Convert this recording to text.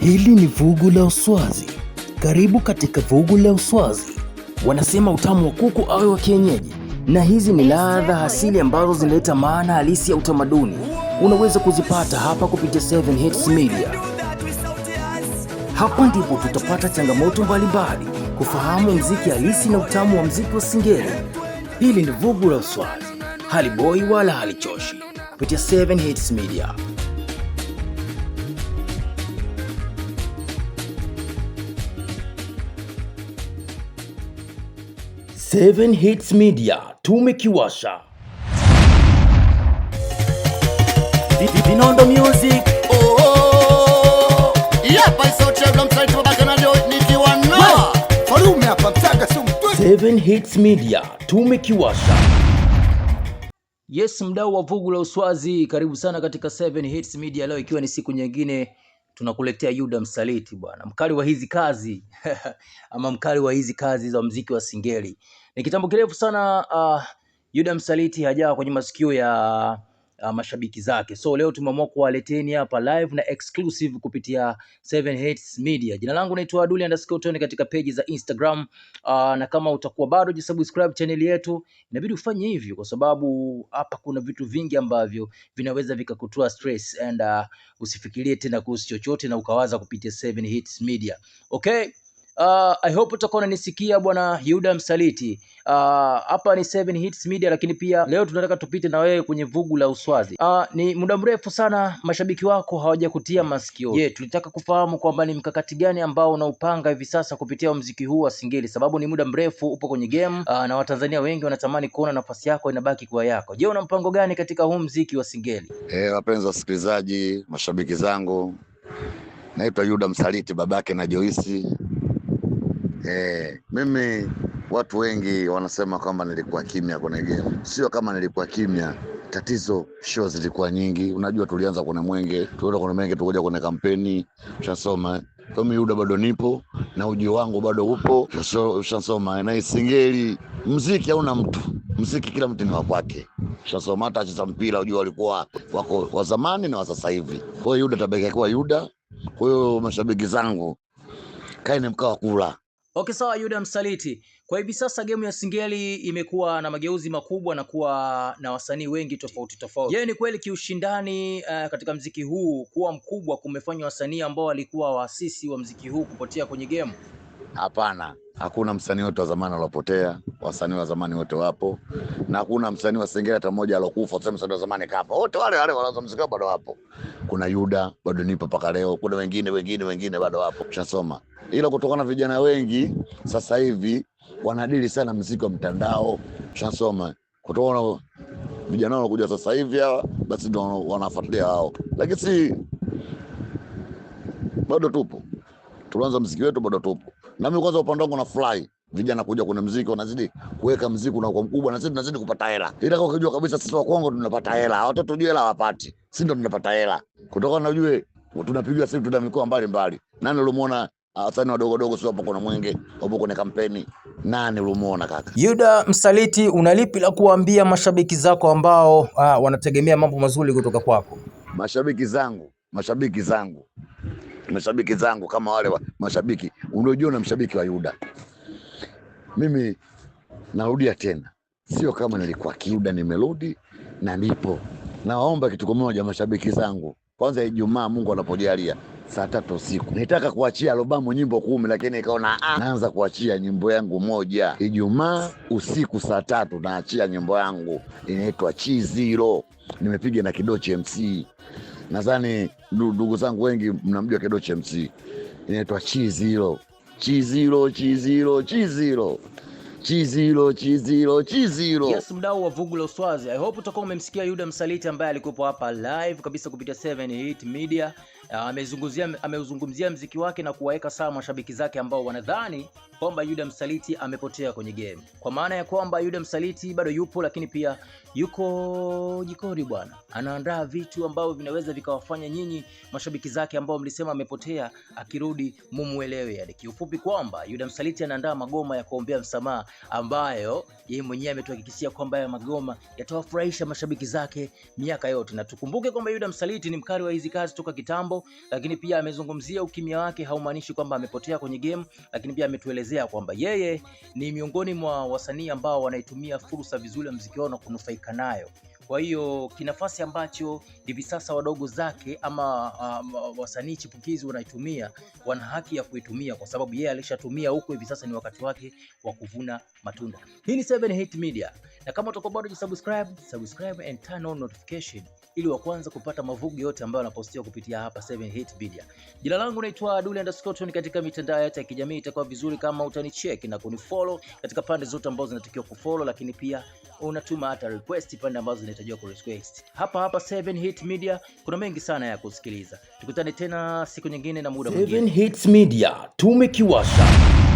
Hili ni vugu la uswazi. Karibu katika vugu la uswazi. Wanasema utamu wa kuku awe wa kienyeji, na hizi ni ladha asili ambazo zinaleta maana halisi ya utamaduni. Unaweza kuzipata hapa kupitia 7 Hits Media. Hapa ndipo tutapata changamoto mbalimbali, kufahamu mziki halisi na utamu wa mziki wa Singeli. Hili ni vugu la uswazi, haliboi wala halichoshi, kupitia 7 Hits Media. Seven Hits Media tumekiwasha. Vinondo Music. Oh, Yapa iso chebla msaiti babake na leo nikiwa na. Farume hapa mtaka si mtu. Seven Hits Media tumekiwasha. Yes, mdau wa vugu la uswazi, karibu sana katika Seven Hits Media leo ikiwa ni siku nyingine tunakuletea Yuda Msaliti bwana, mkali wa hizi kazi ama mkali wa hizi kazi za mziki wa Singeli. Ni kitambo kirefu sana uh, Yuda Msaliti hajawa kwenye masikio ya uh, mashabiki zake. So leo tumeamua kuwaleteni hapa live na exclusive kupitia 7 Hits Media. Jina langu naitwa Aduli underscore Tony katika peji za Instagram uh, na kama utakuwa bado jisubscribe channel yetu, inabidi ufanye hivyo kwa sababu hapa kuna vitu vingi ambavyo vinaweza vikakutoa stress and uh, usifikirie tena kuhusu chochote na ukawaza kupitia 7 Hits Media. Okay? Uh, I hope utakuwa unanisikia bwana Yuda Msaliti. Uh, hapa uh, ni Seven Hits Media, lakini pia leo tunataka tupite na wewe kwenye vugu la uswazi. Uh, ni muda mrefu sana mashabiki wako hawajakutia masikio. Yeah, tulitaka kufahamu kwamba ni mkakati gani ambao unaupanga hivi sasa kupitia mziki huu wa Singeli, sababu ni muda mrefu upo kwenye game uh, na Watanzania wengi wanatamani kuona nafasi yako inabaki kuwa yako. Je, una mpango gani katika huu mziki wa Singeli? Eh, wapenzi wasikilizaji, mashabiki zangu, naitwa Yuda Msaliti, babake na Joisi Eh, mimi watu wengi wanasema kwamba nilikuwa kimya kwenye game. Sio kama nilikuwa kimya, tatizo show zilikuwa nyingi. Unajua, tulianza kwenye Mwenge, tuenda kwenye Mwenge, tukoja kwenye kampeni tunasoma kwa mimi Yuda bado nipo na uji wangu bado upo, ushasoma na Isingeli. Mziki hauna mtu, mziki kila mtu ni wa kwake. Ushasoma hata acheza mpira, ujua walikuwa wako wa zamani na wa sasa hivi. Kwa hiyo Yuda tabaki kuwa Yuda. Kwa hiyo mashabiki zangu, kaeni mkawa kula Okay, sawa Yuda Msaliti. Kwa hivi sasa gemu ya Singeli imekuwa na mageuzi makubwa na kuwa na wasanii wengi tofauti tofauti. Je, ni kweli kiushindani uh, katika mziki huu kuwa mkubwa kumefanya wasanii ambao walikuwa waasisi wa mziki huu kupotea kwenye gemu? Hapana hakuna msanii wote wa zamani alopotea, wasanii wa zamani wote wapo, na hakuna msanii wa Singeli hata mmoja alokufa. sema msanii wa zamani kafa, wote wale wale wanaanza muziki bado wapo. Kuna Yuda bado nipo paka leo, kuna wengine wengine wengine bado wapo, tunasoma. Ila kutokana na vijana wengi sasa hivi wanadili sana muziki wa mtandao, tunasoma kutokana vijana wao kuja sasa hivi hawa, basi ndio wanafuatilia hao, lakini si bado tupo, tulianza muziki wetu bado tupo. Na mimi kwanza upande wangu na fly vijana kuja kuna mziki wanazidi kuweka mziki na kwa mkubwa, na sisi tunazidi kupata hela, ila kwa kujua kabisa sisi wa Kongo tunapata hela, watoto jua hela wapati, sisi ndo tunapata hela kutokana na ujue tunapigiwa sisi, tuna mikoa mbali mbali. Nani ulimuona ah, wasanii wadogo dogo, sio hapo kuna mwenge hapo kuna kampeni, nani ulimuona kaka? Yuda Msaliti, unalipi la kuambia mashabiki zako ambao ah, wanategemea mambo mazuri kutoka kwako? Mashabiki zangu, mashabiki zangu mashabiki zangu kama wale wa, mashabiki unaojua na mshabiki wa Yuda. Mimi narudia tena, sio kama nilikuwa kiuda, nimerudi na nipo. Nawaomba kitu kimoja mashabiki zangu, kwanza Ijumaa, Mungu anapojalia saa tatu usiku nitaka kuachia albamu nyimbo kumi, lakini ikaona ah, naanza kuachia nyimbo yangu moja Ijumaa usiku saa tatu naachia nyimbo yangu inaitwa Chiziro, nimepiga na Kidochi MC nadhani ndugu zangu wengi mnamjua Kedoche MC, inaitwa Chizilo, Chizilo, Chizilo, Chizilo, Chizilo, Chizilo, Chizilo. Yes, mdau wa Vugu la Uswazi, I hope utakuwa umemsikia Yuda Msaliti ambaye alikuwepo hapa live kabisa kupitia 7 Hit Media. Eh, amezungumzia ameuzungumzia mziki wake na kuwaweka sawa mashabiki zake ambao wanadhani kwamba Yuda Msaliti amepotea kwenye game, kwa maana ya kwamba Yuda Msaliti bado yupo, lakini pia yuko jikoni bwana, anaandaa vitu ambavyo vinaweza vikawafanya nyinyi mashabiki zake ambao mlisema amepotea, akirudi mumuelewe. Yani kiufupi kwamba Yuda Msaliti anaandaa magoma ya kuombea msamaha ambayo yeye mwenyewe ametuhakikishia kwamba haya magoma yatawafurahisha mashabiki zake miaka yote, na tukumbuke kwamba Yuda Msaliti ni mkali wa hizi kazi toka kitambo lakini pia amezungumzia ukimya wake haumaanishi kwamba amepotea kwenye game, lakini pia ametuelezea kwamba yeye ni miongoni mwa wasanii ambao wanaitumia fursa vizuri ya muziki wao na kunufaika nayo. Kwa hiyo kinafasi ambacho hivi sasa wadogo zake ama um, wasanii chipukizi wanaitumia, wana haki ya kuitumia kwa sababu yeye alishatumia huko, hivi sasa ni wakati wake wa kuvuna matunda. Hii ni 7 Hit Media, na kama utakuwa bado hujasubscribe, subscribe and turn on notification ili wa kwanza kupata mavugi yote ambayo anapostiwa kupitia hapa 7 Hit Media. Jina langu naitwa Dully underscore Tony. Katika mitandao yote ya kijamii itakuwa vizuri kama utanicheck na kunifollow katika pande zote ambazo zinatakiwa kufollow, lakini pia unatuma hata request pande ambazo zinatakiwa unatakiwa ku request. Hapa hapa 7 Hits Media kuna mengi sana ya kusikiliza. Tukutane tena siku nyingine na muda mwingine. 7 Hits Media tumekiwasha.